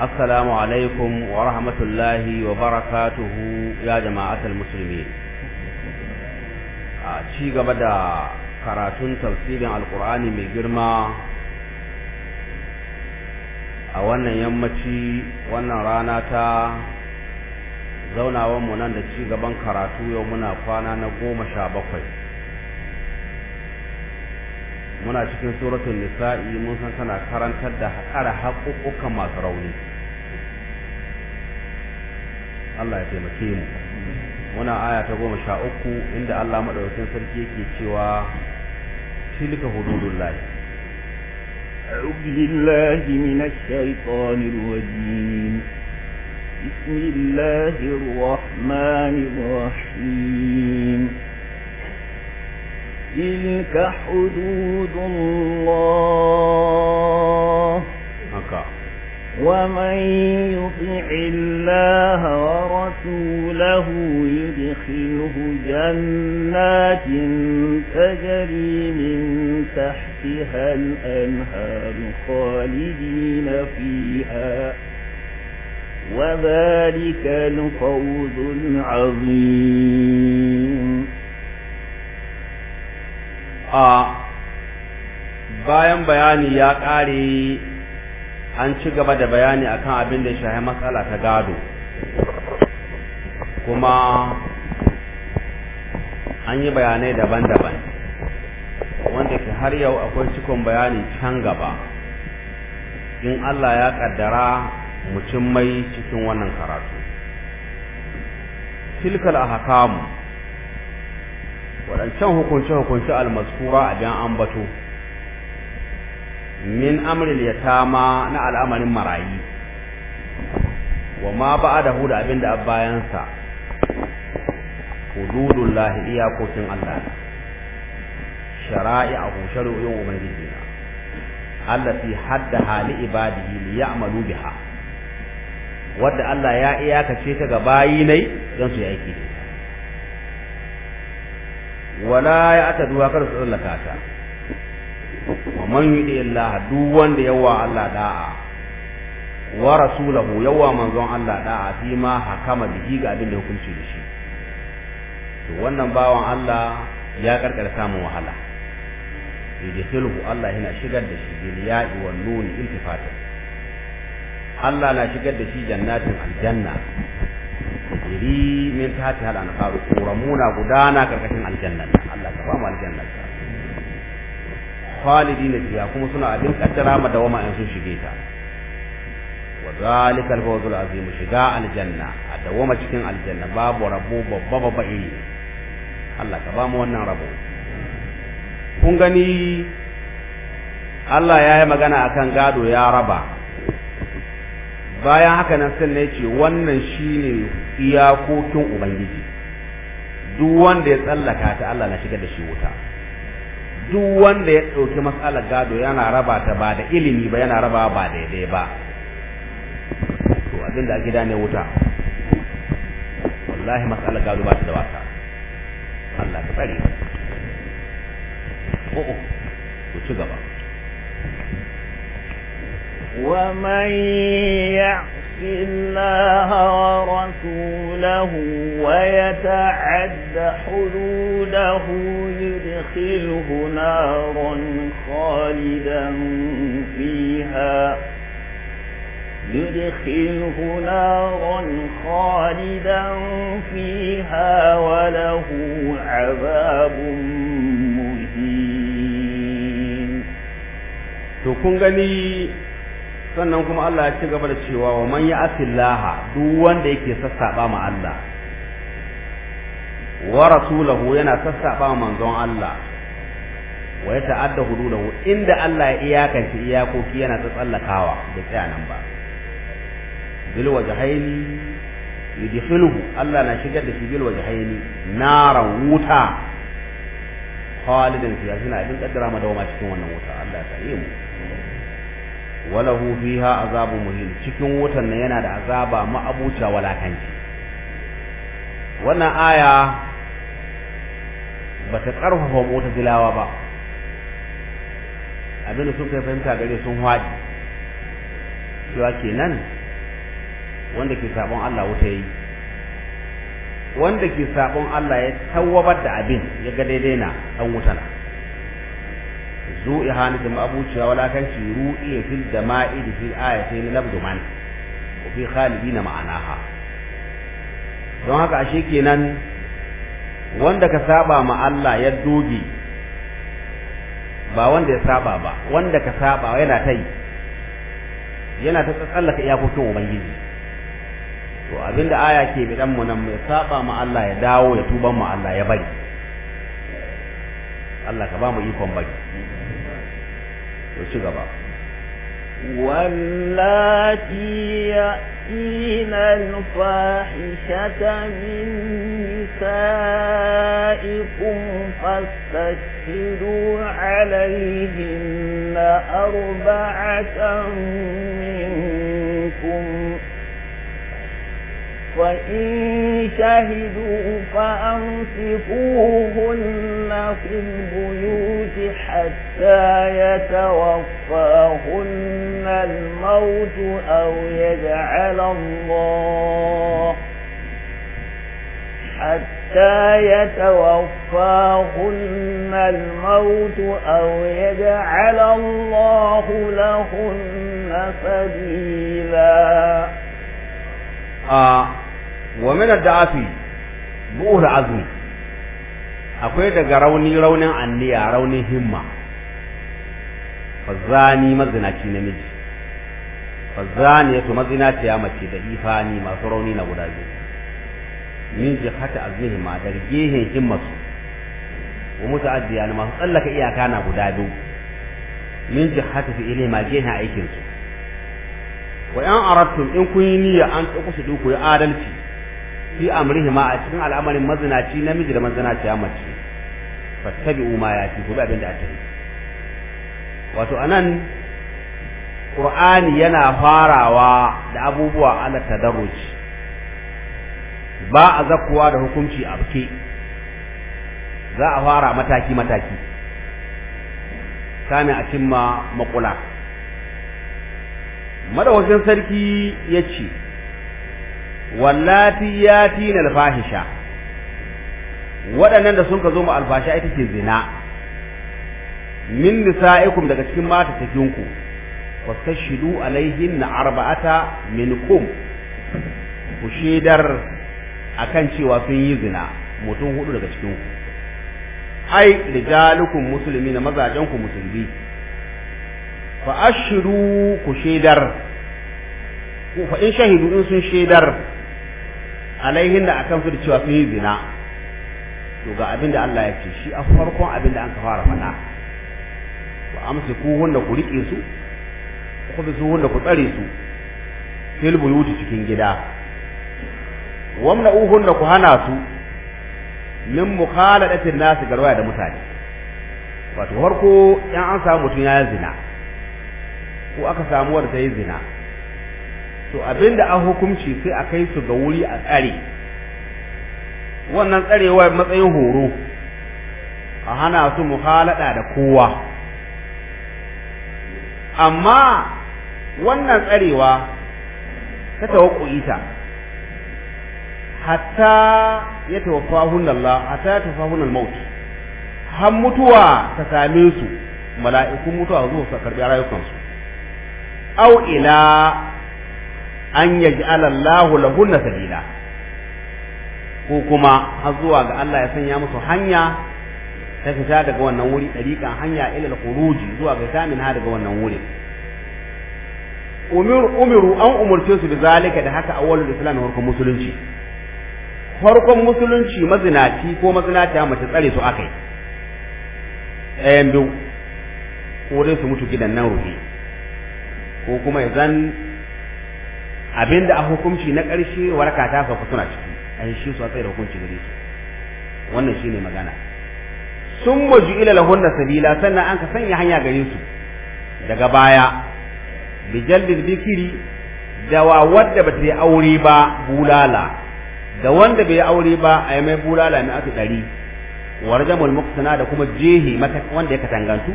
السلام عليكم rahmatullahi wa وبركاته يا jama'atar Musulmi. ci gaba da karatun tafsirin Alƙur'ani mai girma a wannan yammaci wannan rana ta zaunawanmu nan da ci gaban karatu yau muna kwana na goma sha bakwai muna cikin suratun nisa'i mun san tana karantar da haƙara haƙuƙukan masu rauni Allah ya taimake mu muna aya ta goma sha uku inda Allah madaukakin sarki yake cewa tilka hududullah أعوذ بالله من الشيطان الرجيم بسم الله الرحمن الرحيم تلك حدود الله ومن يطع الله ورسوله يدخله جنات تجري من تحتها الأنهار خالدين فيها وذلك الفوز العظيم آه bayan بياني يا قاري an ci gaba da bayani akan abin da shahi matsala ta gado kuma an yi bayanai daban-daban wanda ke har yau akwai cikon bayani can gaba in Allah ya kaddara mutum mai cikin wannan karatu tilkal hakamu waɗancan hukunce-hukunce almaskura a biyan ambato min amril yatama na al'amarin marayi wa ma ba'dahu da abinda bayan bayansa, hududullahi iyakokin Allah shara'i'ahu shari'un ubangiji na fi hadda hali ibadihi li ya'malu biha wadda Allah ya iyakace ta ga bayi don su yi aiki wala ya ataduwa kar su tsallaka ta wa man yudi Allah duk wanda yawa Allah da'a wa rasulahu yawa manzon Allah da'a fi ma hakama bihi ga abin da hukunci da shi to wannan bawan Allah ya karkara samun wahala yudkhilhu Allah yana shigar da shi bil ya'i wal nun iltifatan Allah na shigar da shi jannatin aljanna tajri min tahtiha al-anhar ramuna gudana karkashin aljanna Allah ka ba mu aljanna khalidina fiha kuma suna abin kaddara ma dawama in sun shige ta wa zalika al shiga aljanna a dawama cikin aljanna babu rabo babba babba iri eh. Allah ka ba wannan rabo kun gani Allah ya yi magana akan gado ya raba bayan haka nan sun ne ce wannan shine iyakokin ubangiji duk wanda ya tsallaka ta Allah na shiga da shi wuta duk wanda ya ɗauki matsalar gado yana raba ta ba da ilimi ba yana raba ba daidai ba to abin da a gida ne wuta wallahi matsalar gado ba ta da wasa Allah ka tsare ku ku ci gaba ومن يعص يعصي الله ورسوله ويتعد حدوده يدخله نارا خالدا فيها يدخله نارا خالدا فيها وله عذاب مهين تكون sannan kuma Allah ya ci gaba da cewa wa man asillaha duk wanda yake sassaba ma Allah wa rasulahu yana sassaba ma manzon Allah wa ya ta'adda hududahu inda Allah ya iyakance iyakoki yana ta tsallakawa da tsaya nan ba bil wajhaini yudkhiluhu Allah na shigar da shi bil wajhaini naran wuta khalidan fiha yana abin kaddara madawama cikin wannan wuta Allah ya kare mu walahu fiha azabu muhin cikin wutan nan yana da azaba ma'abuta walakanci wannan aya ba bata karfafa mota dilawa ba abin da sun kai fahimta gare sun haɗi cewa kenan wanda ke sabon Allah wuta yi wanda ke sabon Allah ya tawwabar da abin ya ga daidai na ɗan wuta na zu wala kan walakanci ru'i fil dama'id fi ayatin labdu man fi khalidina ma'anaha don haka ashe kenan wanda ka saba ma Allah ya dogi ba wanda ya saba ba wanda ka saba yana ta yi yana ta tsallaka iyakokin ubangiji to abinda aya ke bidan mu nan mai saba ma Allah ya dawo ya tuban ma Allah ya bari Allah ka ba mu ikon bari ci واللاتي يأتين الفاحشة من نسائكم فاستشهدوا عليهن أربعة منكم وإن شهدوا فأنصفوهن في حتى يتوفاهن الموت أو يجعل الله حتى يتوفاهن الموت أو يجعل الله لهن سبيلا آه ومن الدعاء بؤر عزمي akwai daga rauni raunin anniya raunin himma fazani mazinaci namiji fazani yato mazinaci ya mace da ifani masu rauni na guda biyu min jihata azihima da gehen su wa muta'addiya ne masu tsallaka iyaka na guda biyu min jihata fi ilima gehen aikin su wa yan aradtum in kun yi niyya an ku su duku ya adalci fi amrihi ma a cikin al'amarin mazinaci namiji da mazinaciya mace fattabi'u ma ya ci gobe abin da yi wato anan qur'ani yana farawa da abubuwa ala tadarruj ba a zakuwa da hukunci a abke za a fara mataki mataki kana a cimma makula madawakin sarki ya ce wallati yatina alfahisha waɗannan da sun ka zo mu alfasha ita ce zina min nisa'ikum daga cikin mata cikinku fastashidu na arba'ata minkum ku shaidar akan cewa sun yi zina mutum hudu daga cikinku ai rijalukum musulmi na mazajenku musulmi fa ashiru ku shaidar ku fa in shahidu in sun shaidar alaihin da akan fi da cewa sun yi zina to ga abin da Allah ya ce shi a farkon abin da an ka fara faɗa ku amsa ku wanda ku rike su ku bi su wanda ku tsare su fil buyuti cikin gida wamna uhun da ku hana su min mukhaladatin nasi garwaya da mutane wato farko yan an samu mutun ya zina ko aka samu wanda ta yi zina to abin da an hukunci sai a kai su ga wuri a tsare wannan tsarewa matsayin horo a hana su muhalada da kowa amma wannan tsarewa ta tawakkuita ta hatta ya tawaffahun Allah hatta ya tawaffahun al-maut har mutuwa ta same su mala'ikun mutuwa zuwa su karbi rayukansu au ila an alallahu Allahu na sabila ko kuma har zuwa ga Allah ya sanya musu hanya ta fita daga wannan wuri dariƙan hanya ila al-khuruji zuwa ga taminha daga wannan wuri umir umiru an umurce su zalika da haka awwalul islam farkon musulunci farkon musulunci mazinaci ko mazinata mace tsare su akai ɗayan biyu ko dai su mutu gidan nan rufe ko kuma ya zan abinda a hukunci na ƙarshe waraka ta sauka suna ciki a shi su a tsaye da hukunci gare su wannan shine magana sun muji ila lahunna sabila sannan an ka sanya hanya gare su daga baya bijaldil bikiri da wa wadda bata yi aure ba bulala da wanda bai yi aure ba a yi mai bulala mai aka ɗari wa rajamul muqtana da kuma jehi wanda ya katangantu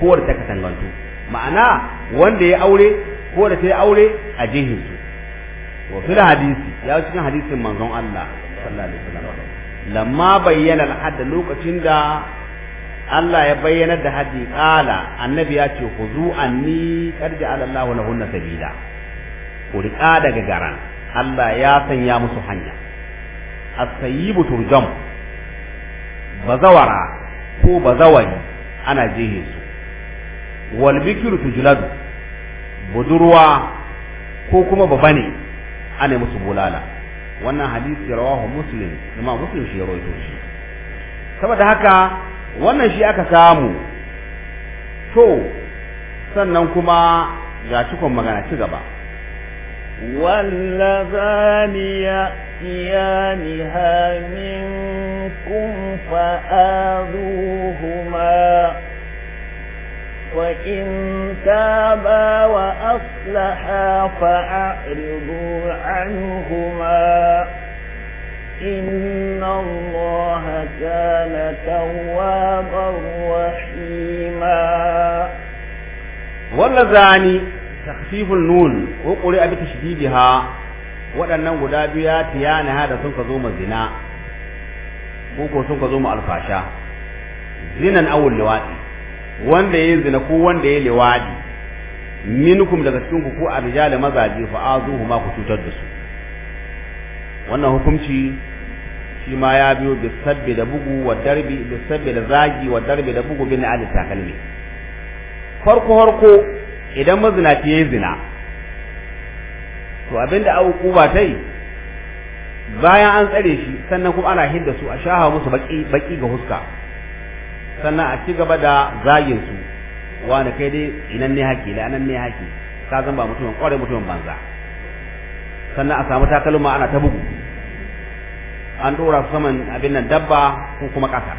ko da ta katangantu ma'ana wanda ya aure ko da ta yi aure a jehin su wa fil hadisi ya cikin hadisin manzon Allah sallallahu alaihi wasallam lamma bayyana al-hadd lokacin da Allah ya bayyana da haddi qala annabi ya ce khuzu anni qad ja'ala Allahu lahunna sabila ku riƙa daga garan Allah ya sanya musu hanya as-sayyibu turjam bazawara ko bazawari ana jehe su wal bikru tujladu budurwa ko kuma babane ana musu bulala wannan hadisi rawahu muslim kuma muslim shi rawaito shi saboda haka wannan shi aka samu to sannan kuma ga cikon magana ci gaba ya يأتيانها minkum fa'aduhuma وإن تابا وأصلحا فأعرضوا عنهما إن الله كان توابا رحيما واللزاني تخفيف النون وقل أبي تشديدها وأن نغدابيا تيانا هذا سنقزوم الزنا وقل سنقزوم الفاشا زنا أول لواتي wanda ya zina ko wanda ya liwadi minkum daga cikin ku ko arjal mazaji fa azuhu ma ku cutar da su wannan hukunci shi ma ya biyo bi sabbi da bugu wa darbi bi sabbi da zagi wa darbi da bugu bin al takalmi farko farko idan mazinaci ya zina to abinda abu kuba tai bayan an tsare shi sannan kuma ana hidda su a shaha musu baki baki ga huska sannan a ci gaba da zagin su wani kai dai inan ne haƙi la nan ne haƙi ka zan ba mutumin kware mutumin banza sannan a samu takalma ana ta bugu an dora su saman abin nan dabba ko kuma kasa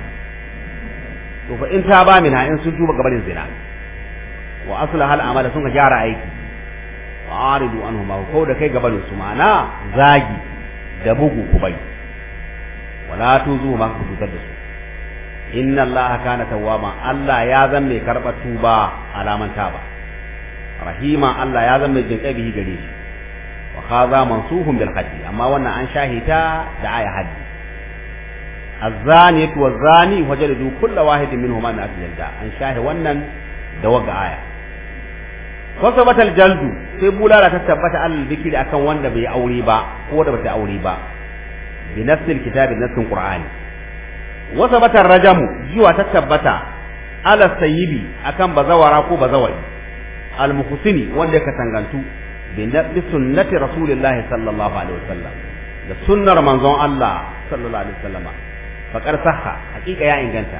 to fa in ta ba min ha in sun tuba gabanin zina wa hal amala sun ka gyara aiki wa aridu anhum ko da kai gabanin su ma'ana zagi da bugu kubai bai wala tuzu ma ku tutar da su inna allaha kana tawwaba Allah ya zan mai karɓar tuba alaman taba rahima Allah ya zan mai jinkai bihi gare shi wa hadha mansuhun bil haddi amma wannan an shahita da aya haddi الزانية والزاني وجلدوا wahid واحد منهما مئة جلدة أن شاهي ونن دوق آية فصبت الجلد sai bulala ta tabbata alal bikiri akan wanda bai aure ba ko da bata aure ba bi nassil kitabi nassin qur'ani wa sabata rajamu jiwa ta tabbata ala sayyibi akan bazawara ko bazawari al muhsini wanda ka tangantu bi sunnati Rasulillah sallallahu alaihi wasallam da sunnar manzon Allah sallallahu alaihi wasallam Fakar sahha hakika ya inganta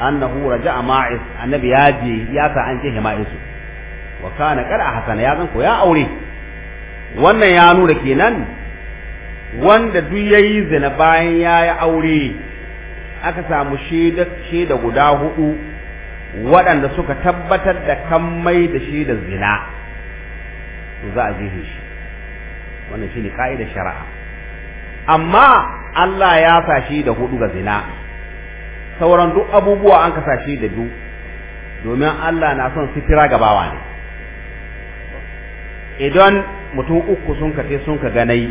annahu raja'a ma'is annabi ya je ya sa an je hima'isu wa kana qad ahsana ya zan ko ya aure wannan ya nuna kenan wanda duk yayi zina bayan yayi aure aka samu shaida guda hudu waɗanda suka tabbatar da kammai da shaidar zina to za a zihe shi wannan shi ne ka'idar shari'a amma Allah ya sashi da hudu ga zina sauran duk abubuwa an ka sashi da biyu domin Allah na son sitira gabawa ne idan mutum uku sun kace sun ka ganai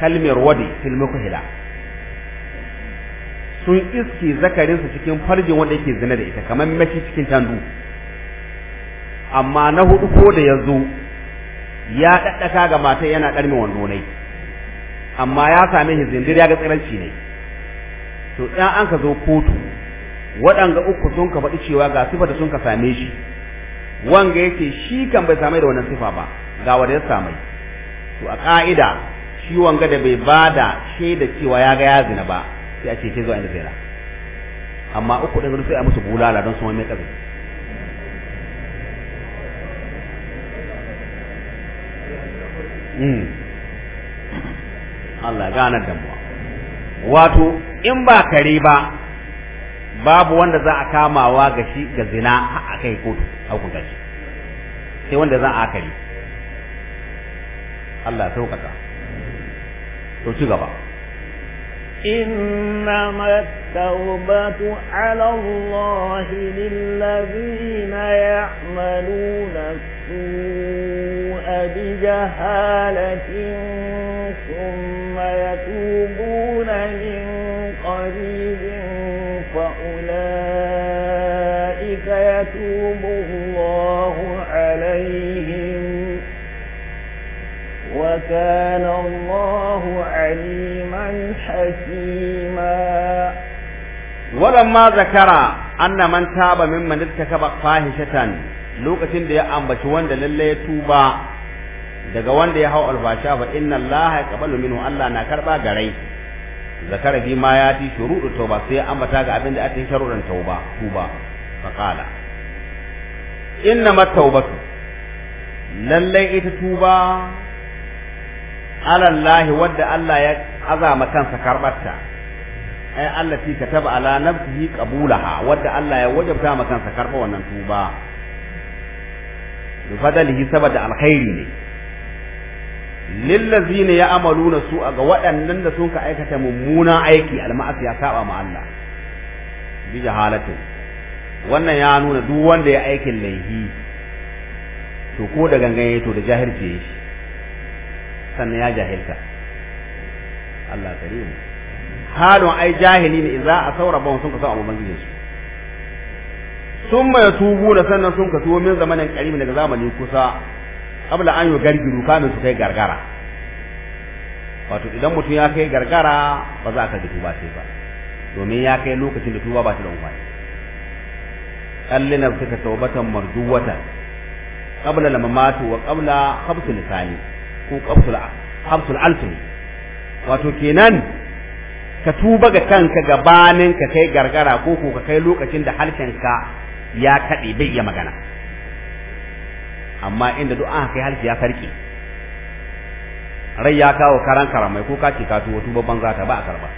kalmar wadi filmi hila. sun iske zakarinsa cikin farjin wanda yake zina da ita kamar mace cikin tandu amma na hudu ko da ya zo ya daddaka ga mata yana karmi wando ne amma ya same shi zindir ya ga tsiranci ne to dan an ka zo kotu waɗanga uku sun ka faɗi cewa ga sifa da sun ka same shi wanga yake shi kan bai same da wannan sifa ba ga wanda ya same to a ka'ida shi wanga da bai bada shaida cewa ya ga ya zina ba sai a ce ke zuwa inda zai amma uku ɗin sai a musu bulala don su mai ƙabi hmm. Allah ganar da mu wato in ba kare ba babu wanda za a kamawa ga shi ga zina a kai kotu a hukunta shi sai wanda za a kare Allah sauƙaƙa to ci gaba إنما التوبة على الله للذين يعملون السوء بجهالة ثم يتوبون من قريب فأولئك يتوب الله عليهم وكان الله عليم حكيما ولما ذكر أن من تاب ممن ارتكب فاحشة lokacin da ya ambaci wanda lalle ya tuba daga wanda ya hau albasha fa inna Allah ya qabalu minhu Allah na karba garai zakara bi ma yati shurudu tauba sai ya ambata ga abin da ake sharuɗan tauba tuba fa qala inna ma taubatu lalle ita tuba alallahi wadda Allah ya azama kansa karbarta ai Allah fi kataba ala nafsihi qabulaha wadda Allah ya wajabta ma kansa karba wannan tuba fadalihi saboda alkhairi ne lillazina ya'maluna su'a ga waɗannan da sun ka aikata mummunan aiki alma'asi ya saba ma Allah bi jahalatin wannan ya nuna duk wanda ya aikin laihi to ko da gangan to da jahilci shi sannan ya jahilta Allah karimu halon ai jahili ne za a saura ba sun ka san ubangijin su sun mai tubu da sannan sun ka tuwo min zamanin karimi daga zamani kusa abla an yi gargiru kamin su kai gargara wato idan mutum ya kai gargara ba za ka ji tuba sai ba domin ya kai lokacin da tuba ba ta da umfani allina suka taubatan marduwata qabla lamamatu wa qabla khabsu lisani ko qabtul qabtul alfi wato kenan ka tuba ga kanka gabanin ka kai gargara ko ko ka kai lokacin da harshenka ka ya kade bai ya magana amma inda duk an kai harshe ya farke rai ya kawo karan karamai ko ka ce ka tuba tuba banza ta ba a karba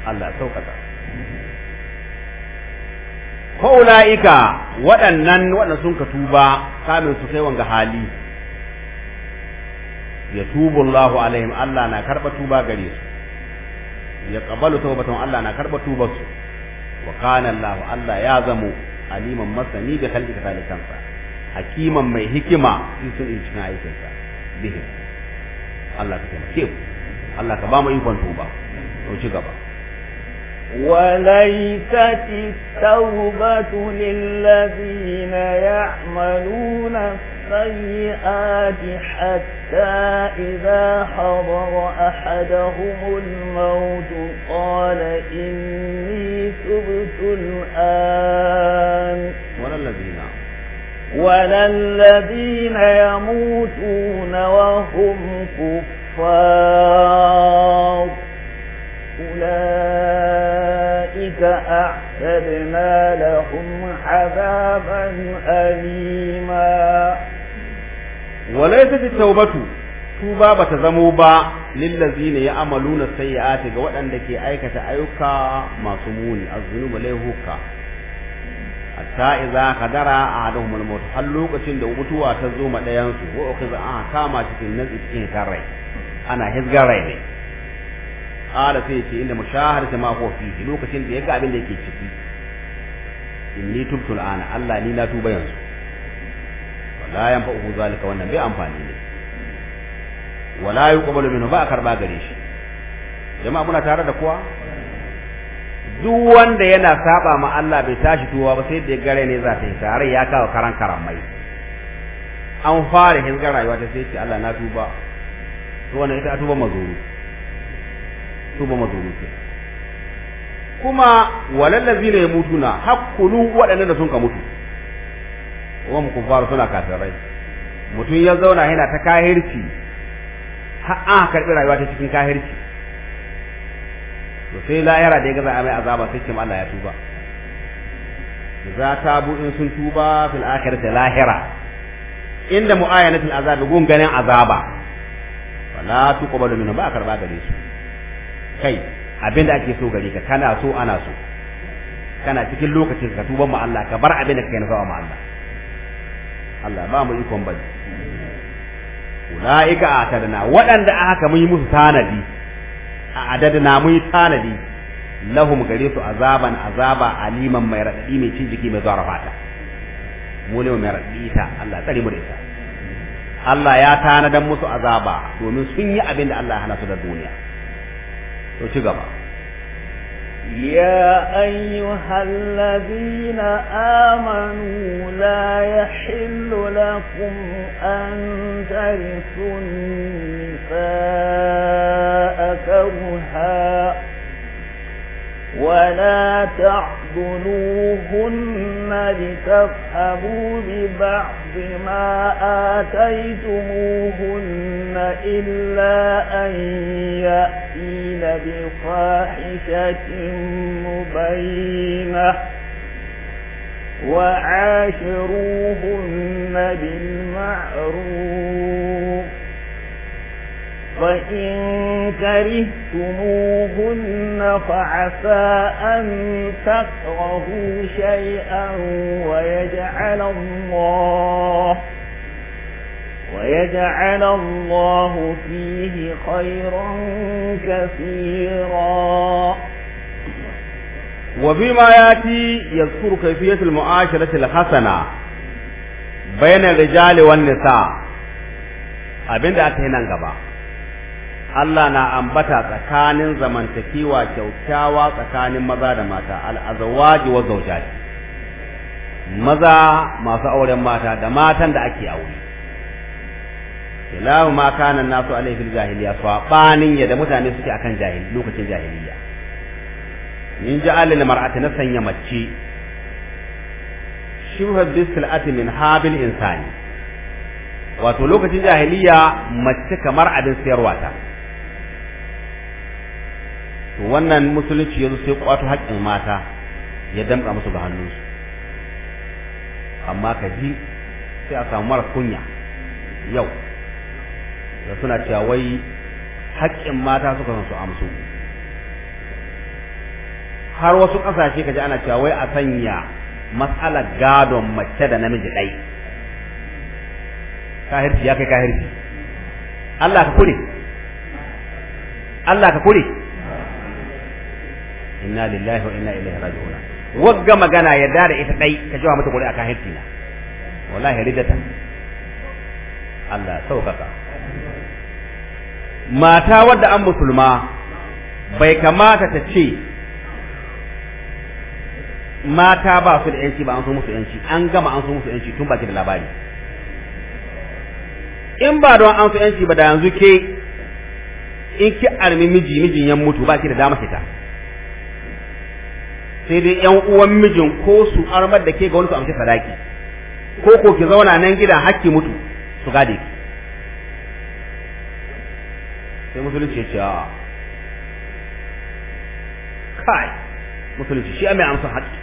Allah ya sauƙaƙa ko ula'ika waɗannan waɗannan sun ka tuba kamin su kai wanga hali yatubu Allahu alaihim Allah na karba tuba gare su ya qabalu tawbatan Allah na karba tuba su wa kana Allah Allah ya zamo aliman masani da kalbi da sa hakiman mai hikima in sun in cikin aikin sa bihi Allah ka ce ku Allah ka ba mu ikon tuba to ci gaba وليست التوبة للذين يعملون السيئات حتى إذا حضر أحدهم الموت قال إني تبت الآن ولا الذين ولا الذين يموتون وهم كفار أولئك أولئك أعتدنا لهم عذابا أليما وليست التوبة tuba bata zamo ba lillazina ya'maluna sayyi'ati ga waɗanda ke aikata ayyuka masu muni az-zunuba layhuka hatta idza qadara ahaduhum har lokacin da mutuwa ta zo ma ɗayan su ko kaza an kama cikin nazi cikin rai ana hizgar rai qala sai ce inda mushahadatu ma huwa fi lokacin da yaga abin da yake ciki inni tubtu al'ana Allah ni na tuba yanzu wala fa'u zalika wannan bai amfani ne wala yuqbalu minhu ba karba gare shi jama'a muna tare da kowa duk wanda yana saba ma Allah bai tashi tuwa ba sai da gare ne za ta yi tare ya kawo karan karamai an fara hin rayuwa ta sai ce Allah na tuba to wannan ita tuba mazuru su ba ce kuma walallazi ne mutuna hakkulu waɗannan da sun ka mutu wa mu kufaru suna kafirai mutum ya zauna yana ta kahirci har an karɓi rayuwa ta cikin kahirci to sai lahira da ya gaza a mai azaba sai ce Allah ya tuba za ta bu in sun tuba fil akhirati lahira inda mu'ayanatul azabi gun ganin azaba wala tuqbalu minhu ba karba gare su kai abin da ake so gare ka kana so ana so kana cikin lokacin ka tuba mu Allah ka bar abin da kai nufa mu Allah Allah ba mu ikon bari ulaika atadna waɗanda aka mun yi musu tanadi a adadna mun yi tanadi lahum gare su azaban azaba aliman mai radadi mai cin jiki mai zuwa fata mu ne mai radadi ta Allah tsare mu da ita Allah ya tanadan musu azaba domin sun yi abin da Allah ya hana su da duniya to ci gaba يا أيها الذين آمنوا لا يحل لكم أن ترثوا النساء كرها ولا تحضنوهن لتفهموا ببعض ما آتيتموهن إلا أن يأتين بفاحشة مبينة وعاشروهن بالمعروف فإن كرهتموهن فعسى أن تكرهوا شيئا ويجعل الله ويجعل الله فيه خيرا كثيرا وبما يأتي يذكر كيفية المعاشرة الحسنة بين الرجال والنساء أبين aka yi nan gaba Allah na ambata tsakanin zamantakewa kyaukyawa tsakanin maza da mata al'azawaji wa zaujaji maza masu auren mata da matan da ake aure ilahu ma kana nasu alaihi fil jahiliya sabanin ya da mutane suke akan jahil lokacin jahiliya min ja'ala lil mar'ati na sanya mace bisil ati min habil insani wato lokacin jahiliya mace kamar abin sayarwa ta to wannan musulunci yanzu sai kwato haƙƙin mata ya damƙa musu ga hannunsu amma ka ji sai a samu mara kunya yau da suna cewa wai haƙƙin mata suka san su amsu har wasu ƙasashe ka ji ana cewa wai a sanya matsalar gadon mace da namiji ɗai kahirci ya kai kahirci Allah ka kure Allah ka kure inna lillahi wa inna ilaihi raji'un wagga magana ya da ita dai ka jawa mata gure akan na wallahi ridata Allah saukaka mata wadda an musulma bai kamata ta ce mata ba su da yanci ba an so musu yanci an gama an so musu yanci tun baki da labari in ba don an so yanci ba da yanzu ke in ki armi miji mijin ya mutu baki da dama fita sai dai yan uwan mijin ko su armar da ke ga wani su amshi sadaki ko ko ki zauna nan gida hakki mutu su gade ki sai musulunci ya ce a kai musulunci shi mai amsa haƙƙi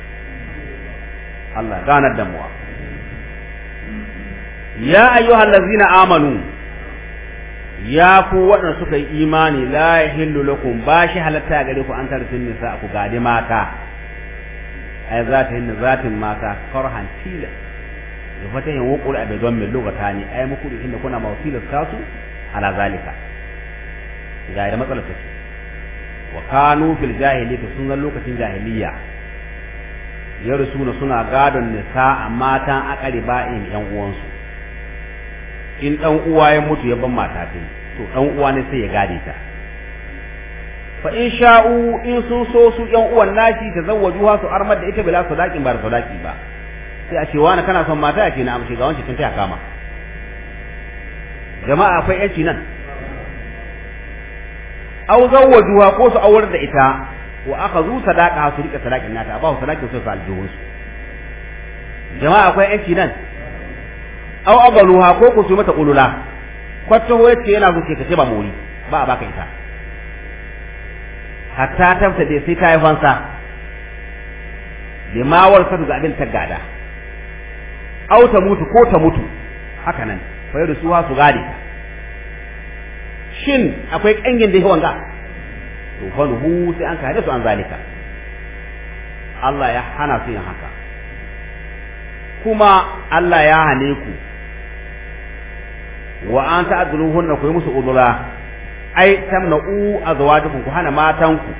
Allah ganar da muwa ya ayyuhal na amanu ya ku waɗanda suka yi imani la yahillu lakum ba shi halatta gare ku an tarfin nisa ku gadi mata ai zatihin zatin mata farhan tilas da fatahin wuqul abidan min ne, ai muku inda kuna mawsilas kasu ala zalika ga da matsalar take wa kanu fil jahiliyyah sun zan lokacin jahiliyya yarsuna suna gadon nisa matan in yan uwansu in dan uwa ya mutu ya ban mata to dan uwa ne sai ya gade ta fa in sha'u in sun so su yan uwan nashi ta ha su armar da ita bila sadaqin ba sadaqi ba sai a ce wani kana son mata ya ce na amshi ga wancan tun ta kama jama'a akwai yanci nan aw ha ko su awar da ita wa akhadhu sadaqa su rika sadaqin nata ba su sadaqin su aljihun su jama'a akwai yanci nan aw abaluha ko ku su mata ulula kwatta ho yace yana zuke ta ka ce ba mori ba a baka ita hatta tafta dai sai ta yi fansa bima warsa ga abin ta au ta mutu ko ta mutu haka nan fa yadda suwa su gade shin akwai kangin da yawan ga to fa ruhu sai an kare su an zalika Allah ya hana su yin haka kuma Allah ya hane ku wa an ta'dhuluhunna ku yi musu udura ai tamna'u azwajukum ku hana matanku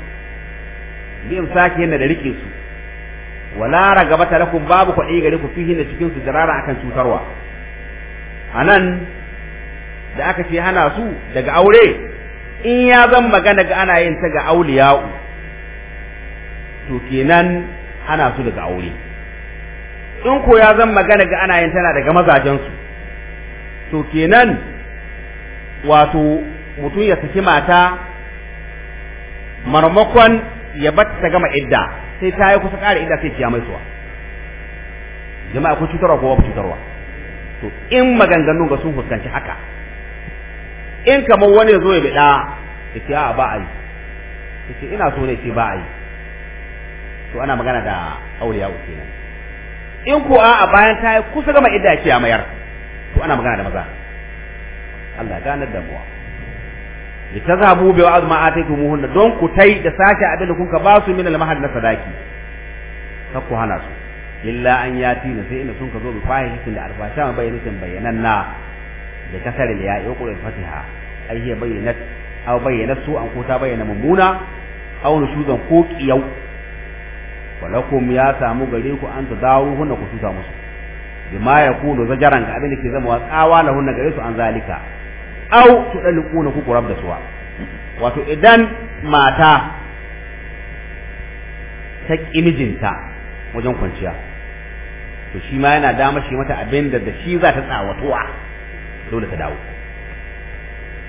bi sake yana da rike su wala ragabata lakum babu ku gare ku fihi na cikin su dirara akan cutarwa anan da aka ce hana su daga aure in ya zan magana ga ana yin ta ga auliya'u to kenan hana su daga aure in ko ya zan magana ga ana yin tana daga mazajensu to kenan wato mutum ya saki mata marmakon ya bat ta gama idda sai ta yi kusa ƙara idda sai ciya mai suwa jama'a ko cutarwa ko babu cutarwa to in maganganu ga sun fuskanci haka in kamar wani ya zo ya bida ya ce a ba a yi ya ce ina so ne ce ba a yi to ana magana da aure yawo nan in ko a bayan ta yi kusa gama idda ya ce ya mayar to ana magana da maza Allah ganar da muwa litazhabu bi wa'd ma ataytumuhunna don ku tai da sashi abin da kun ka basu min al na sadaki ku hana su illa an yati na sai ina sun ka zo bi fahihatin da alfasha ma bayyanatin bayyananna da kasar ya yi ƙurin fatiha ai ya bayyanat aw bayyanat su an ko ta bayyana mummuna aw nushuzan ko qiyau walakum ya samu gare ku an tadawu hunna ku tusa musu bima yakunu zajaran ga abin da ke zama wa tsawa lahunna gare su an zalika au tudalquna ku kurab da suwa wato idan mata ta kimijinta wajen kwanciya to shi ma yana dama shi mata abin da da shi za ta tsawatuwa dole ta dawo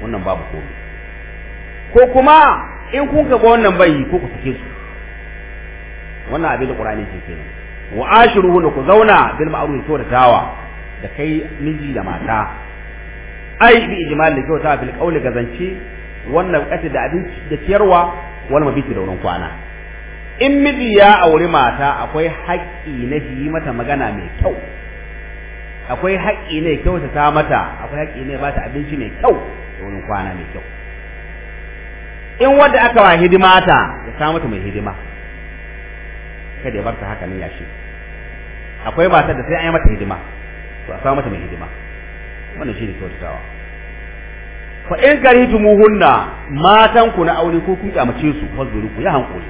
wannan babu komai ko kuma in kun ga wannan bai ko ku sake su wannan abin da qur'ani ke kenan wa ashiruhu ku zauna bil ma'ruf to da tawa da kai miji da mata ai bi ijmal da kyauta bil qawli gazance wannan kace da abin da ciyarwa wal mabiti da wurin kwana in miji ya auri mata akwai haƙƙi na ji mata magana mai kyau akwai haƙƙi ne kyauta ta mata akwai haƙƙi ne ba ta abinci mai kyau da wurin kwana mai kyau in wanda aka wa hidima ta ya sa mata mai hidima kada ya bar ta haka nan yashi akwai mata da sai an yi mata hidima to a samu mata mai hidima wannan shi ne kyautatawa fa in karitumuhunna matan ku na aure ko kun kyamace su fazuru ku ya hankuri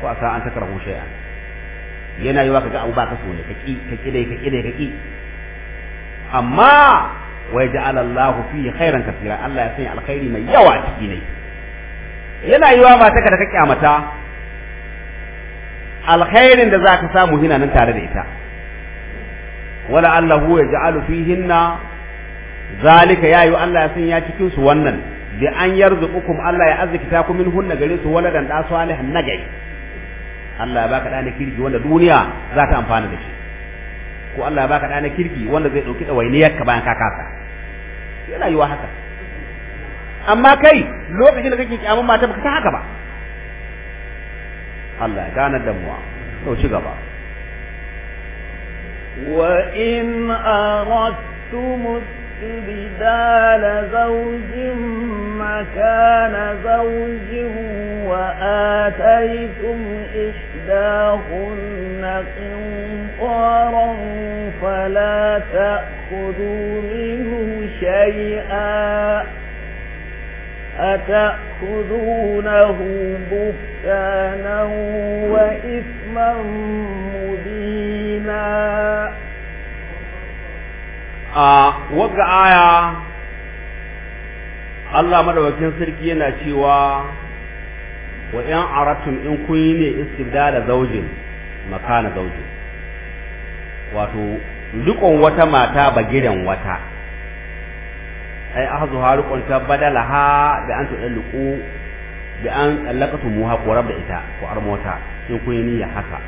ko aka an takrahu shay'a yana yi wa kaga abu ba ka so ne ka kaki dai kaki dai ki amma wa ja'ala Allah fi khairan katira Allah ya sanya alkhairi mai yawa a ciki ne yana yiwa ba ta da ka kyamata alkhairin da za ka samu hina nan tare da ita wala allahu yaj'alu fihinna zalika ya yi Allah ya sanya cikin su wannan bi an yarzuqukum Allah ya azzikita ku min hunna gare su waladan da salihan nagai Allah ya baka na kirki wanda duniya za ta amfana da shi ko Allah ya baka da na kirki wanda zai dauki wainiyar ka bayan ka kasa yana yiwa haka amma kai lokacin da kake kiyamun mata baka san haka ba Allah ya gane damuwa to ci gaba وإن أردتم استبدال زوج مكان زوج وآتيتم إحداهن قنطارا فلا تأخذوا منه شيئا أتأخذونه بهتانا وإثما مبينا a wadda aya Allah madawakin sarki yana cewa wa ‘yan aratun in kun yi ne istibda da zaujin makana zaujin wato rikon wata mata ba gidan wata ai aka zuwa rikon ta badala ha da an tuɗe liƙo da an tsallaka tumuha ko da ita ko armota in kun yi niyya haka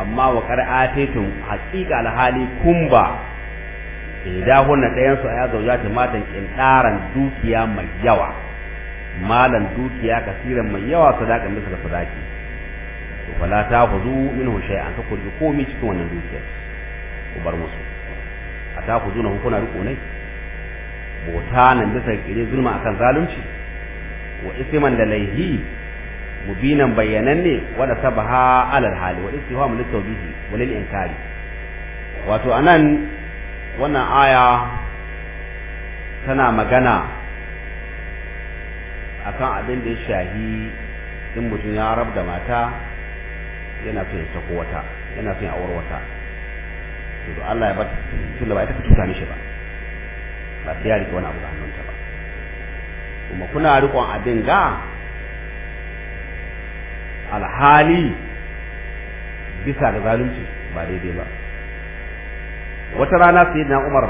amma wa qara'ataytum haqiqa alhali kumba hunna dayan su ya zauja ta matan kintaran dukiya mai yawa malan dukiya kasiran mai yawa sadaka misal sadaki to fala min minhu shay'an ka kulli komi cikin wannan dukiya ku bar musu na kuna riko ne botanan bisa kire zulma akan zalunci wa isman da laihi mubinan bayyananne wanda sabaha alal hali wa istihwamu litawbihi wa lil inkari wato anan wannan aya tana magana akan abin da ya shahi in mutum ya rab da mata yana fin sako wata yana fin awar wata to Allah ya ba tunda ba ita ka tuta mishi ba ba sai ya rike wani abu da hannunta ba kuma kuna rikon abin ga alhali bisa ga zalunci ba daidai ba wata rana sai na umar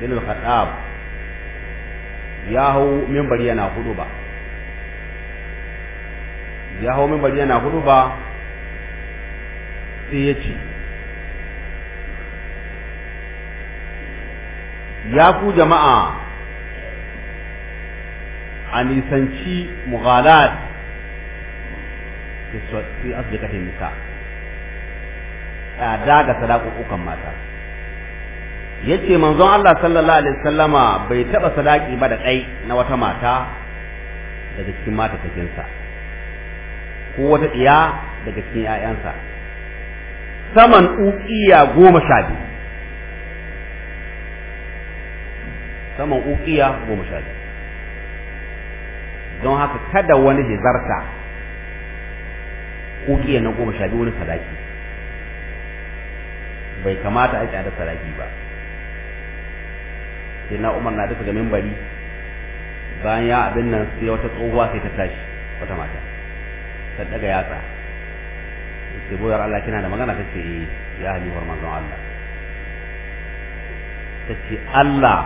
bin al-khattab ya hau mimbar yana hudu ba ya hau mimbar yana hudu ba sai ya ce ya ku jama'a a nisanci mughalat fi asdiqatin nisa tsada ga sadakokukan mata yace manzon Allah sallallahu alaihi wasallama bai taba sadaki ba da kai na wata mata daga cikin mata kakinsa ko wata diya daga cikin ƴaƴansa saman uqiya goma sha biyu saman uqiya goma sha biyu don haka kada wani hizarta ko kiyan na goma sha biyu wani sadaki bai kamata a tsada sadaki ba sai na umar na dafa ga mimbari bayan ya abin nan sai wata tsohuwa sai ta tashi wata mata ta daga yatsa sai boyar Allah kina da magana ta ce eh, ya halifar manzon Allah ta ce Allah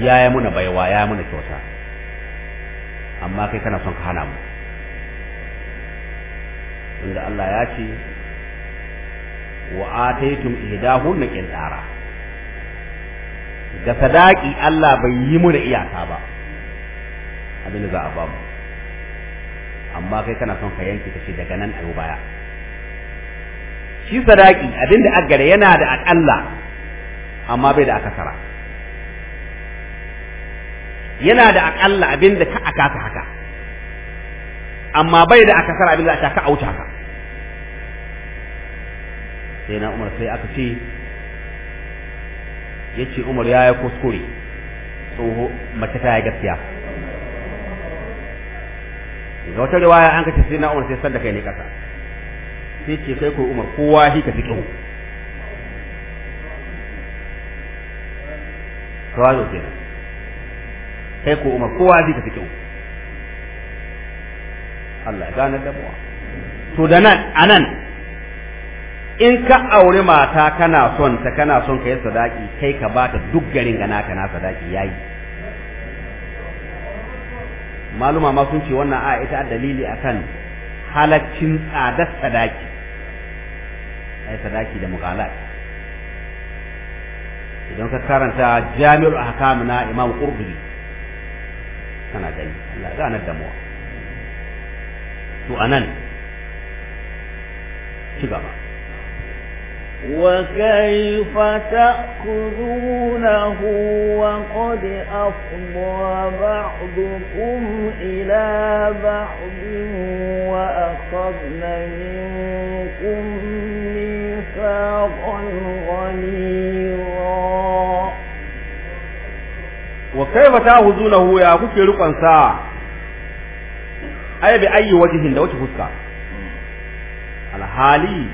ya yi muna baiwa ya yi muna kyauta amma kai kana son ka hana mu tunda Allah ya ce wa ataytum ihdahunna qintara ga sadaki Allah bai yi mu da iyaka ba abin da za a bamu amma kai kana son ka yanke kace daga nan ayo baya shi sadaki abin da aggare yana da akalla amma bai da akasara yana da akalla abin da ka akasa haka amma bai da aka sara abin da a ka auta ka sai na umar sai aka ce ya ce umar ya yi kuskure tsoho mace ta yi gaskiya ga wata riwaya an kace sai na umar sai sanda kai ne kasa sai ce kai ko umar kowa shi ka fito kawai kenan kai ko umar kowa shi ka fito Allah gane da mu to da nan nan in ka aure mata kana son ta kana son ka yi sadaki kai ka bata duk garin gana kana sadaki yayi maluma ma sun ce wannan a ita dalili akan halaccin tsadar sadaki ai sadaki da muqalat idan ka karanta jami'ul ahkam na imam qurbi kana gani Allah ganar da mu to anan ci gaba وكيف تأخذونه وقد أفضى بعضكم إلى بعض وأخذن منكم ميثاقا غليظا وكيف تأخذونه يا كوكي ركن ساعة ai bi ayi wajihin da wata fuska alhali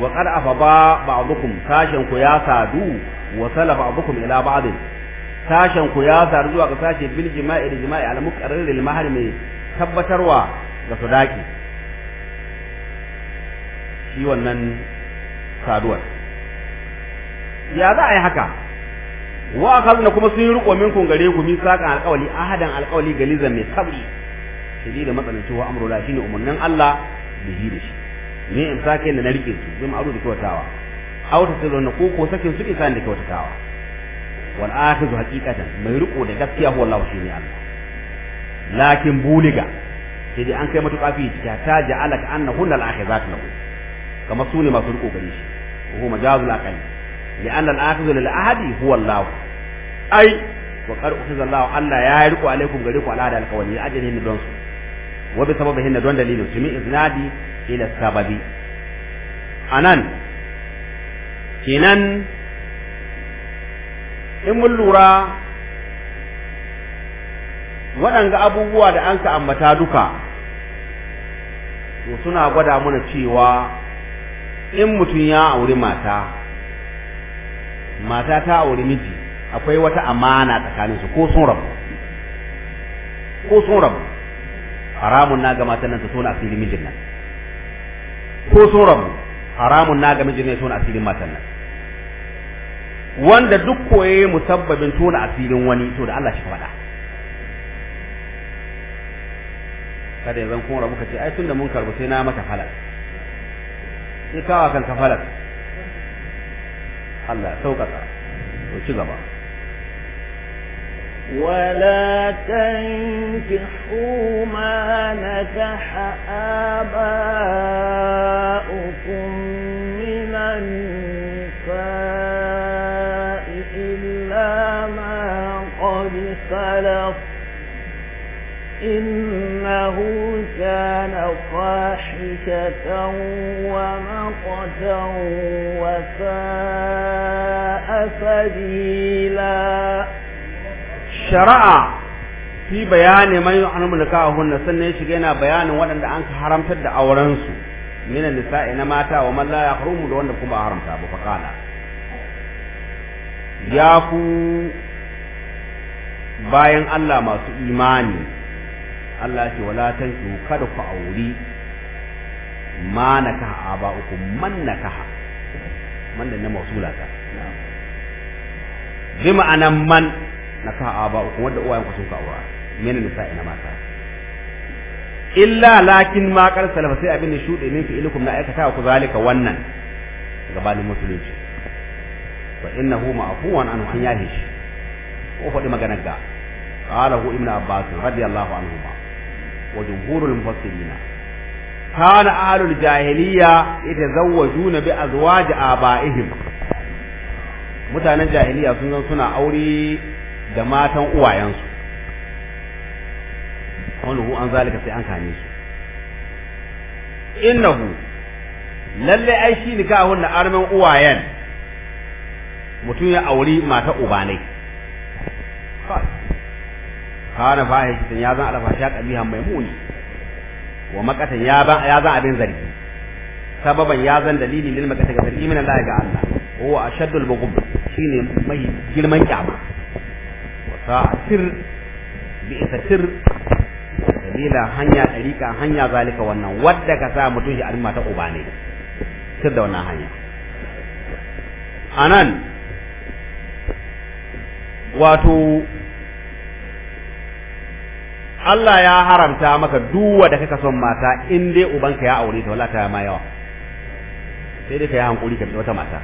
wa qad afaba ba'dukum sashen ku ya sadu wa sala ba'dukum ila ba'd sashen ku ya sadu zuwa ga sashe bil jima'i da jima'i al muqarrar lil mahr mai tabbatarwa ga sadaki shi wannan saduwar ya za a yi haka wa akhadna kuma sun yi riko minkum gare ku min saqan alqawli ahadan alqawli galizan mai sabri shadida matsananci wa amrula shine umurnin Allah da shi da shi me in sake na rike su bi ma'ruf da kyautatawa aw ta tsiro na koko sakin su isa da kyautatawa wal akhiru haqiqatan mai riko da gaskiya huwa Allah shine Allah lakin buliga sai dai an kai matuƙa fi ta ta ja'alaka annahu lal akhizat lahu kamar su ne masu riko gare shi ko majazul aqal لأن الآخذ للأحد هو الله أي وقد أخذ الله ألا يرقوا عليكم غيركم على هذا القول لأجله ندونسوا wa bi sababihin don dalilin su min isnadi ila sababi anan kenan in mun lura waɗanga abubuwa da an ka ambata duka to suna gwada mana cewa in mutum ya auri mata mata ta auri miji akwai wata amana tsakaninsu ko sun rabu ko sun rabu haramun na ga matan nan su tona asirin mijin nan ko tsoron rabu haramun na ga mijin nan tona asirin matan nan wanda duk koye musabbabin tona asirin wani to da Allah shi faɗa kada yanzu kun rabu kace ai tunda mun karbu sai na mata falal sai kawa kan kafalar Allah sauƙaƙa to ci gaba ولا تنكحوا ما نكح آباؤكم من النساء إلا ما قد سلف إنه كان فاحشة ومقتا وساء سبيلا shara'a fi bayani man yu'anu mulkahunna sannan ya shiga yana bayanin waɗanda an ka haramtar da auren su minan nisa'i na mata wa man la yahrumu da wanda kuma haramta ba faqala ya ku bayan Allah masu imani Allah ce wala tanku kada ku auri ma aba uku man man da na mausula ta ma'anan man na a ba ku wanda uwayen ku sun ka aura min nisa ina mata illa lakin ma kar salafa sai abin da shude min fi ilikum na aikata ku zalika wannan gabanin musulunci fa innahu ma'fuwan anhu an yahi shi ko faɗi maganar ga qalahu ibnu abbas radiyallahu anhu ma wa jumhurul mufassirina كان أهل الجاهلية يتزوجون بأزواج آبائهم mutanen jahiliya sun zan suna aure da matan uwayensu wani an zalika sai an kame su innahu lalle ai shi nikahun na armen uwayen mutum ya auri mata ubanai kana fahishin ya zan alfasha kabiha mai muni wa makatan ya ban ya zan abin zargi sababan ya zan dalili lil makata ga zargi min Allah ga Allah huwa ashaddul bughd shine mai girman kyama sa'atir bi isatir dalila hanya dariƙa hanya zalika wannan wadda ka sa mutum shi alima ta uba ne sir da wannan hanya anan wato Allah ya haramta maka duwa da kaka son mata in dai ubanka ya aure ta wala ta ma yawa sai dai ka yi hankuri ka bi wata mata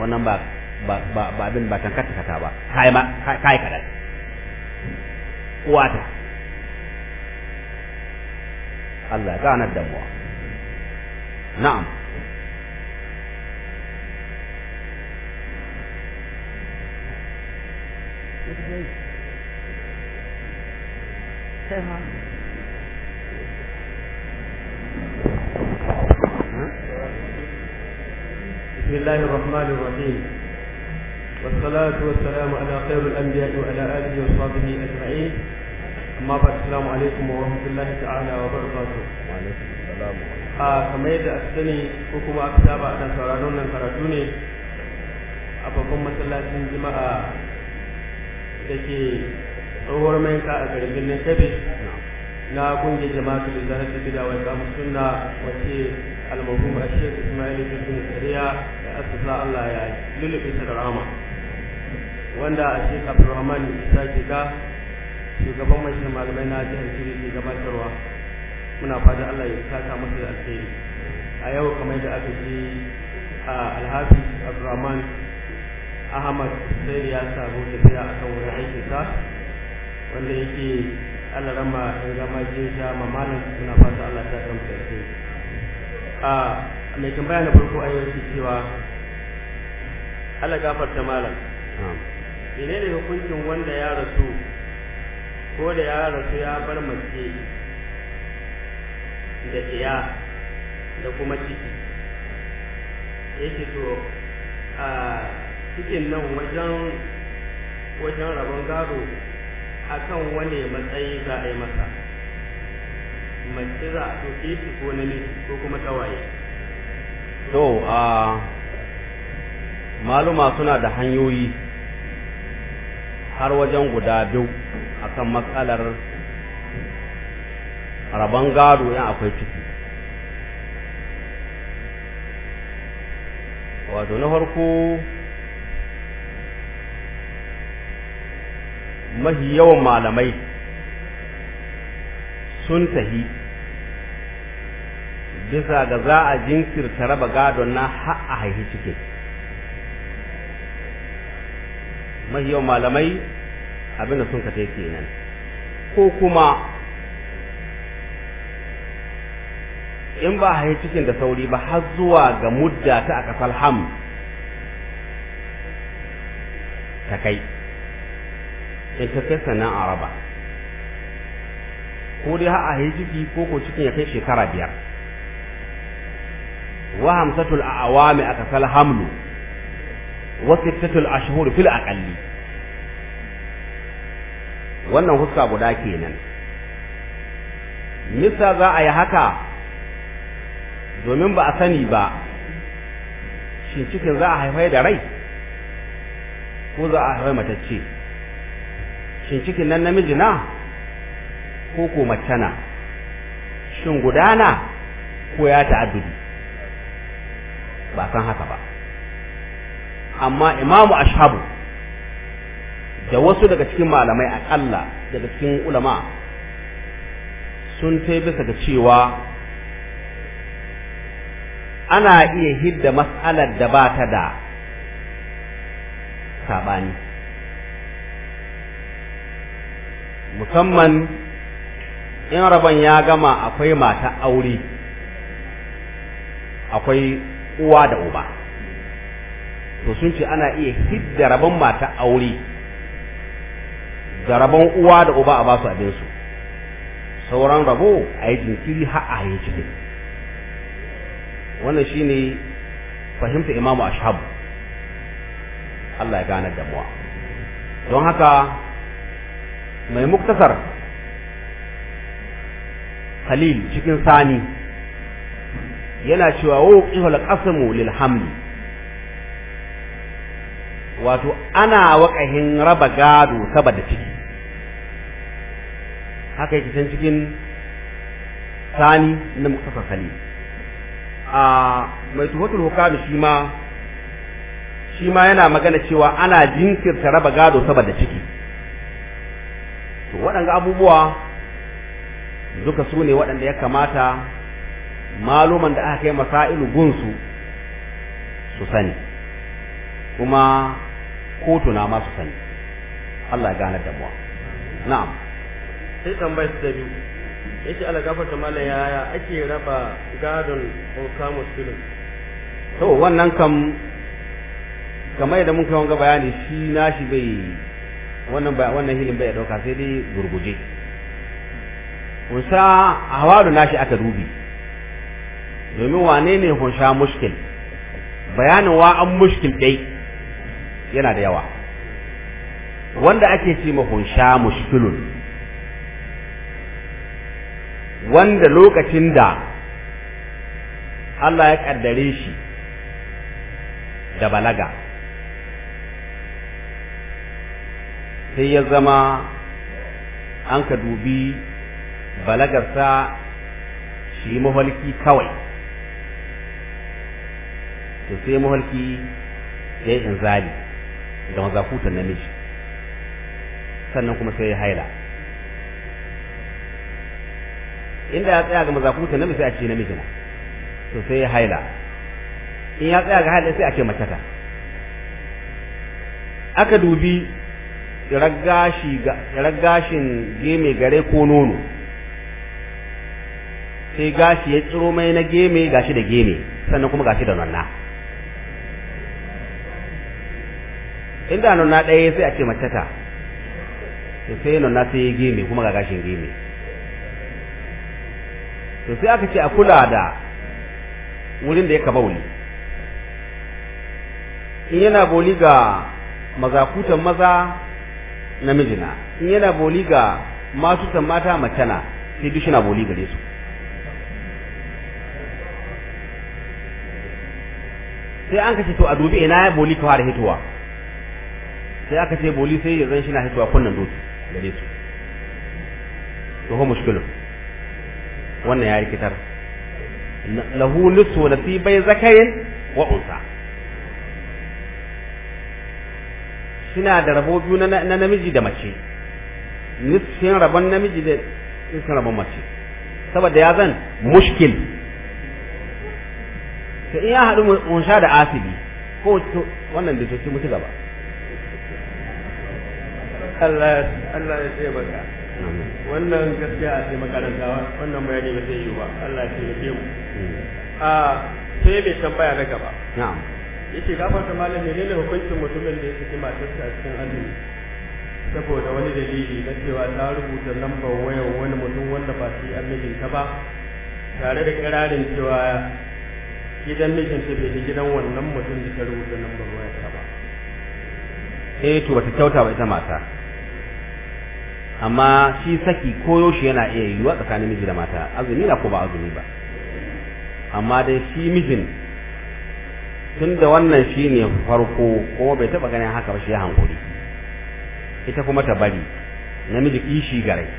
wannan ba ba ba ba abin ba tankata kata ba kai ma kai kadan uwata Allah ganar da mu na'am Thank you. بسم الله الرحمن الرحيم والصلاة والسلام على خير الأنبياء وعلى آله وصحبه أجمعين أما بعد السلام عليكم ورحمة الله تعالى وبركاته وعليكم السلام yadda aka sani ko kuma aka saba a sauraron nan karatu ne a babban masallacin jima'a da ke tsohuwar mayanka a garin birnin kebe na kungiyar jama'a da zarar da gida wai kamun sunna wace almahum a ismail bin sariya da asusa allah ya lullufe ta da rama wanda a shek abdulrahman isa kika shugaban mashin malamai na jihar kiri ke gabatarwa muna fata allah ya saka masa da alheri a yau kamar da aka ji alhafi abdulrahman ahmad sai ya samu tafiya kan wurin aikinsa wanda yake allah rama in gama jeja mamalin muna fata allah ta kamta alheri a mai tambaya na farko a yau cewa allah gafarta malam ne hukuncin wanda ya rasu ko da ya rasu ya bar mace da iya da kuma ciki yake to a cikin nan wajen wajen rabon gado akan wane matsayi za a yi masa mace za a toke shi ko namiji ko kuma tawaye to a maluma suna da hanyoyi har wajen guda biyu akan matsalar rabon gado yan akwai ciki wato na farko mahi yawan malamai sun tahi bisa ga za a jinkirta raba gadon na ha'a haifi ciki. mai yawan malamai abin da sun ka tai kenan ko kuma in ba haihi cikin da sauri ba har zuwa ga mudda ta akasal ham ta kai in ta kai sannan a ko dai har a haihi ciki ko ko cikin ya kai shekara biyar wa hamsatul a awami hamlu wa sittatul ashhur fil aqalli wannan huska guda kenan misa za a yi haka domin ba a sani ba shin cikin za a haifai da rai ko za a haifai matacce shin cikin nan namiji na ko ko mace na shin gudana ko ya ta'addudi ba san haka ba amma imamu ashabu da wasu daga cikin malamai akalla daga cikin ulama sun ta bisa ga cewa ana iya hidda matsalar da ba ta da saɓani musamman in rabon ya gama akwai mata aure akwai uwa da uba to sun ce ana iya hidda rabon mata aure da rabon uwa da uba a ba su abin su sauran rabo a yi jinkiri ha'a a yi jikin wannan ne fahimta imamu ashabu Allah ya gane damuwa don haka mai muktasar khalil cikin sani yana cewa wa qihul qasmu lil hamli wato ana waƙahin raba gado saboda ciki haka yake can cikin sani na muktasar sani a mai tuhatul hukami shi ma shi ma yana magana cewa ana jinkirta raba gado saboda ciki to waɗanga abubuwa duka su ne waɗanda ya kamata maluman da aka kai masailu gunsu su sani kuma kotuna na masu sani Allah ya gane damuwa na'am sai tambayar ta biyu yace Allah gafarta mala yaya ake raba gadon hauka muslim to wannan kam kamar yadda mun kai wanga bayani shi nashi bai wannan ba wannan hilin bai dauka sai dai gurguje a hawalu nashi aka dubi domin wane ne hunsha mushkil bayanin wa an mushkil dai yana da yawa wanda ake ce mahunsha mushkilun wanda lokacin da Allah ya kaddare shi da balaga sai ya zama an ka dubi balagarsa shi mahalki kawai to sai mahalki ya yi inzali ga mazakutan namiji sannan kuma sai ya haila inda ya tsaya ga mazakutan namiji sai a ce namiji na to sai ya haila in ya tsaya ga haila sai a ce mace ta aka dubi raggashin geme gare ko nono sai gashi ya tsiro mai na geme gashi da geme sannan kuma gashi da nonna inda nan na ɗaya sai a ce matata to sai nan na sai gemi kuma ga gashin gemi to sai aka ce a kula da wurin da ya kaba wuli in yana boli ga mazakutan maza namijina in yana boli ga masu mata matana sai duk na boli gare su sai an kace to a dubi ina ya boli ka fara hitowa sai aka ce boli sai ya zan shi na hitowa kunnan doki gare su to ho wannan ya rikitar lahu nisu bai zakarin wa unsa suna da rabo biyu na namiji da mace nufin rabon namiji da nisfin rabon mace saboda ya zan mushkil to in ya haɗu mun sha da asibi ko wannan da to ci mutu gaba Allah ya ce baka wannan gaskiya a ce makaranta wannan bayani ba zai yi ba Allah ya taimake mu hmm. a sai mai tambaya na gaba na'am yace gafarta malam menene hukuncin mutumin da ya saki matarsa a cikin azumi saboda wani dalili na cewa ta rubuta lambar wayar wani mutum wanda ba shi mijinta ba tare da kirarin cewa gidan mijinta bai ji gidan wannan mutum da ta rubuta lambar ta ba eh to wata kyauta ba ita mata amma shi saki koyaushe yana iya yiwuwa tsakanin miji da mata azumi na ko ba azumi ba amma dai shi mijin tun da wannan shi ne farko kuma bai taɓa ganin haka ba shi ya hankuri ita kuma ta bari namiji kishi garai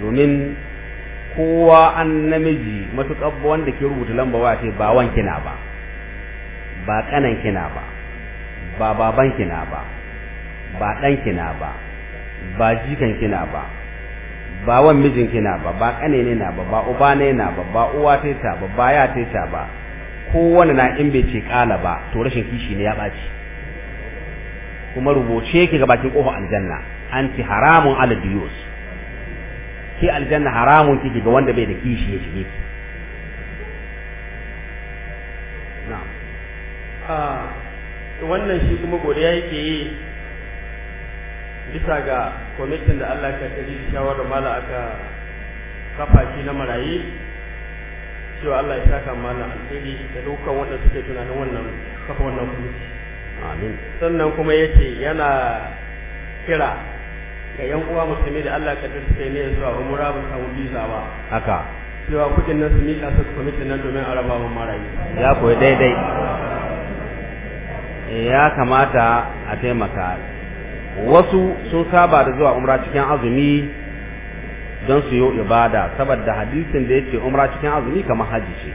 domin kowa an namiji matuƙar wanda ke rubuta lamba waya ce ba wankina ba ba kanan kina ba ba baban kina ba ba ɗan kina ba ba jikan kina ba ba wan mijin kina ba ba ƙanene na ba ba uba ne na ba ba uwa ta ba ba ya ta ba kowane na in bai ce ƙala ba to rashin kishi ne ya ɓaci kuma rubuce yake ga bakin ƙofar aljanna an ci haramun ala diyos ki aljanna haramun kike ga wanda bai da kishi ya shige ki na'am ah, wannan shi kuma godiya yake yi bisa ga kwamitin da Allah ka kaji shawarar mala aka kafa shi na marayi cewa Allah ya saka mala alheri da dukkan wanda suke tunanin wannan kafa wannan kwamiti amin sannan kuma yace yana kira ga yan uwa musulmi da Allah ka tarsa ne zuwa umura ba samu visa ba haka cewa kudin nan su mika su kwamitin nan domin a raba marayi ya koyi daidai eh, ya kamata a taimaka wasu sun saba da zuwa umra cikin azumi don su yi ibada saboda hadisin da yake umra cikin azumi kamar hajji ce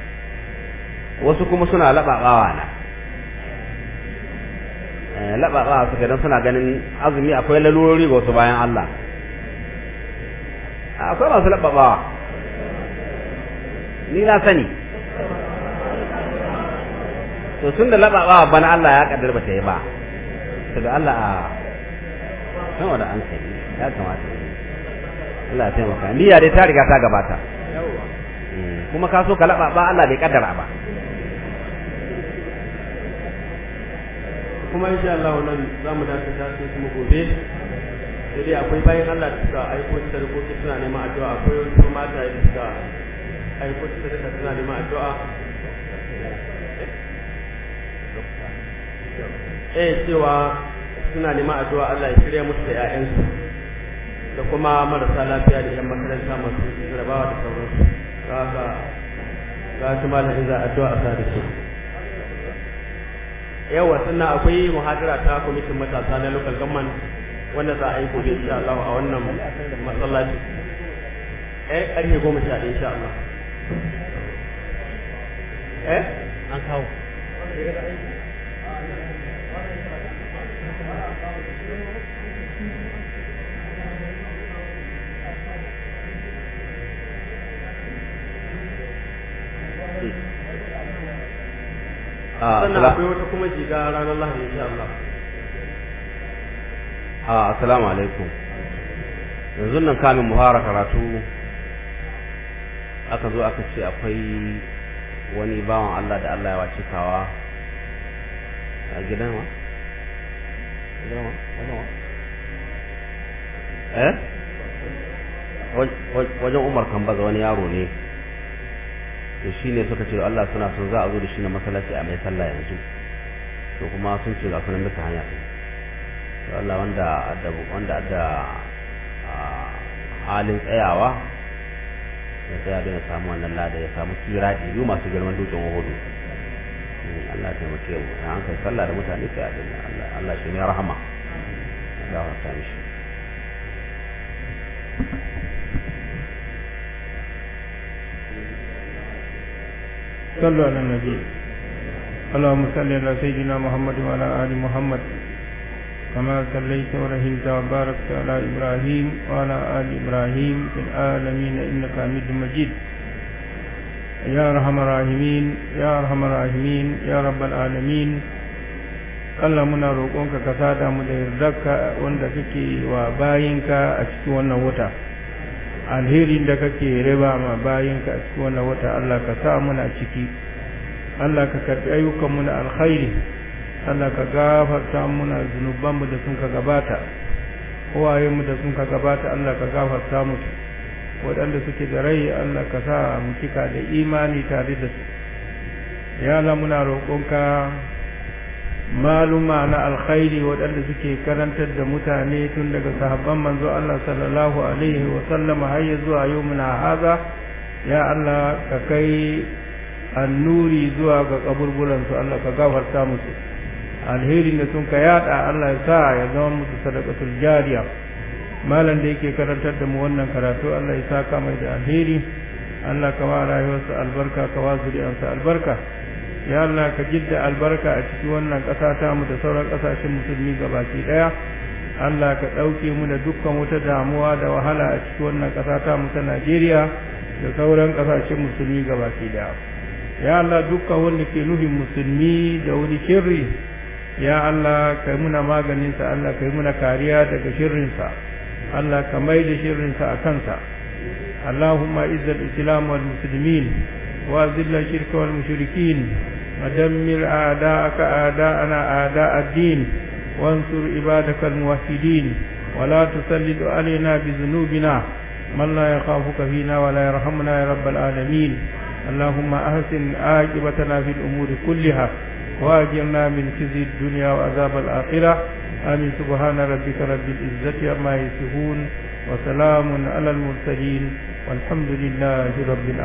wasu kuma suna laɓaɓawa na eh, Laɓaɓawa suka don suna ganin azumi akwai lalurori ga wasu bayan Allah akwai masu laɓaɓawa. ni na sani to tun da laɓaɓawa bana Allah ya kaddar ba ta yi ba daga Allah a sama da hankali ya kamata Allah ya taimaka niyya dai ta riga ta gabata mm, kuma ka so ka laba ba Allah bai kaddara ba kuma insha Allah nan za mu dace ta sai kuma gobe sai dai akwai bayan Allah da suka aiko ta rubuta suna neman addu'a akwai kuma mata da suka aiko ta da suna neman addu'a eh cewa suna neman addu'a Allah ya shirya musu da 'ya'yansu da kuma marasa lafiya da 'yan makaranta masu jarabawa da sauransu ga ga su malamin za addu'a a sare su yawa sannan akwai muhadara ta kwamitin matasa na local government wanda za a yi gobe insha Allah a wannan masallaci eh ƙarfe goma sha ɗaya insha Allah eh an kawo Ah, sannan akwai wata kuma ah, nan kamin muhara karatu aka zo aka ce akwai wani bawan Allah da Allah ya wace kawa a gidan wa gidan wa gidan wa eh wajen Umar Kambaza wani yaro ne to shine suka ce Allah suna so za a zo da shi na masalaci a mai sallah yanzu to kuma sun ce ga sunan duka hanya to Allah wanda a wanda halin tsayawa ya tsaya da samu wannan lada ya samu da biyu masu girman dutsen wahudu Allah ya taimake mu an kai sallah da mutane sai a Allah shi ne rahama Allah ya صلوا على النبي اللهم صل على سيدنا محمد وعلى آل محمد كما صليت ورحمت وباركت على إبراهيم وعلى آل إبراهيم في العالمين إنك حميد مجيد يا أرحم الراحمين يا أرحم الراحمين يا رب العالمين Allah muna roƙonka ka sada mu da yardarka wanda kake wa bayinka a cikin wannan wata. alherin da kake raba ma bayinka a cikin wannan wata Allah ka sa muna ciki Allah ka karbi ayyukan mu na alkhairi Allah ka gafarta muna zunuban mu da sun ka gabata kowaye mu da sun ka gabata Allah ka gafarta mu waɗanda suke da rai Allah ka sa mu cika da imani tare da su ya Allah muna roƙonka maluma na alkhairi waɗanda suke karantar da mutane tun daga sahabban manzo Allah sallallahu alaihi wa sallam har ya zuwa yau muna haza ya Allah ka kai annuri zuwa ga kaburburan su Allah ka gafarta musu alherin da sun ka yada Allah ya sa ya zama musu sadaqatul jariya malam da yake karantar da mu wannan karatu Allah ya saka mai da alheri Allah ka wa rayuwarsa albarka ka wa zuriyarsa albarka ya Allah ka jidda albarka a cikin wannan ƙasa ta mu da sauran ƙasashen musulmi gabaki ɗaya Allah ka ɗauke mu da dukkan wata damuwa da wahala a cikin wannan ƙasa ta mu ta Najeriya da sauran ƙasashen musulmi gabaki ɗaya ya Allah dukkan wanda ke nufin musulmi da wani shirri ya Allah yi muna maganinsa Allah yi muna kariya daga shirrinsa Allah ka mai da shirrinsa a kansa Allahumma izzal islam wal muslimin wa zilla shirka ودمر أعداءك أعداءنا أعداء الدين وانصر عبادك الموحدين ولا تسلط علينا بذنوبنا من لا يخافك فينا ولا يرحمنا يا رب العالمين اللهم أحسن عاقبتنا في الأمور كلها وأجرنا من خزي الدنيا وعذاب الآخرة آمين سبحان ربك رب العزة عما يصفون وسلام على المرسلين والحمد لله رب العالمين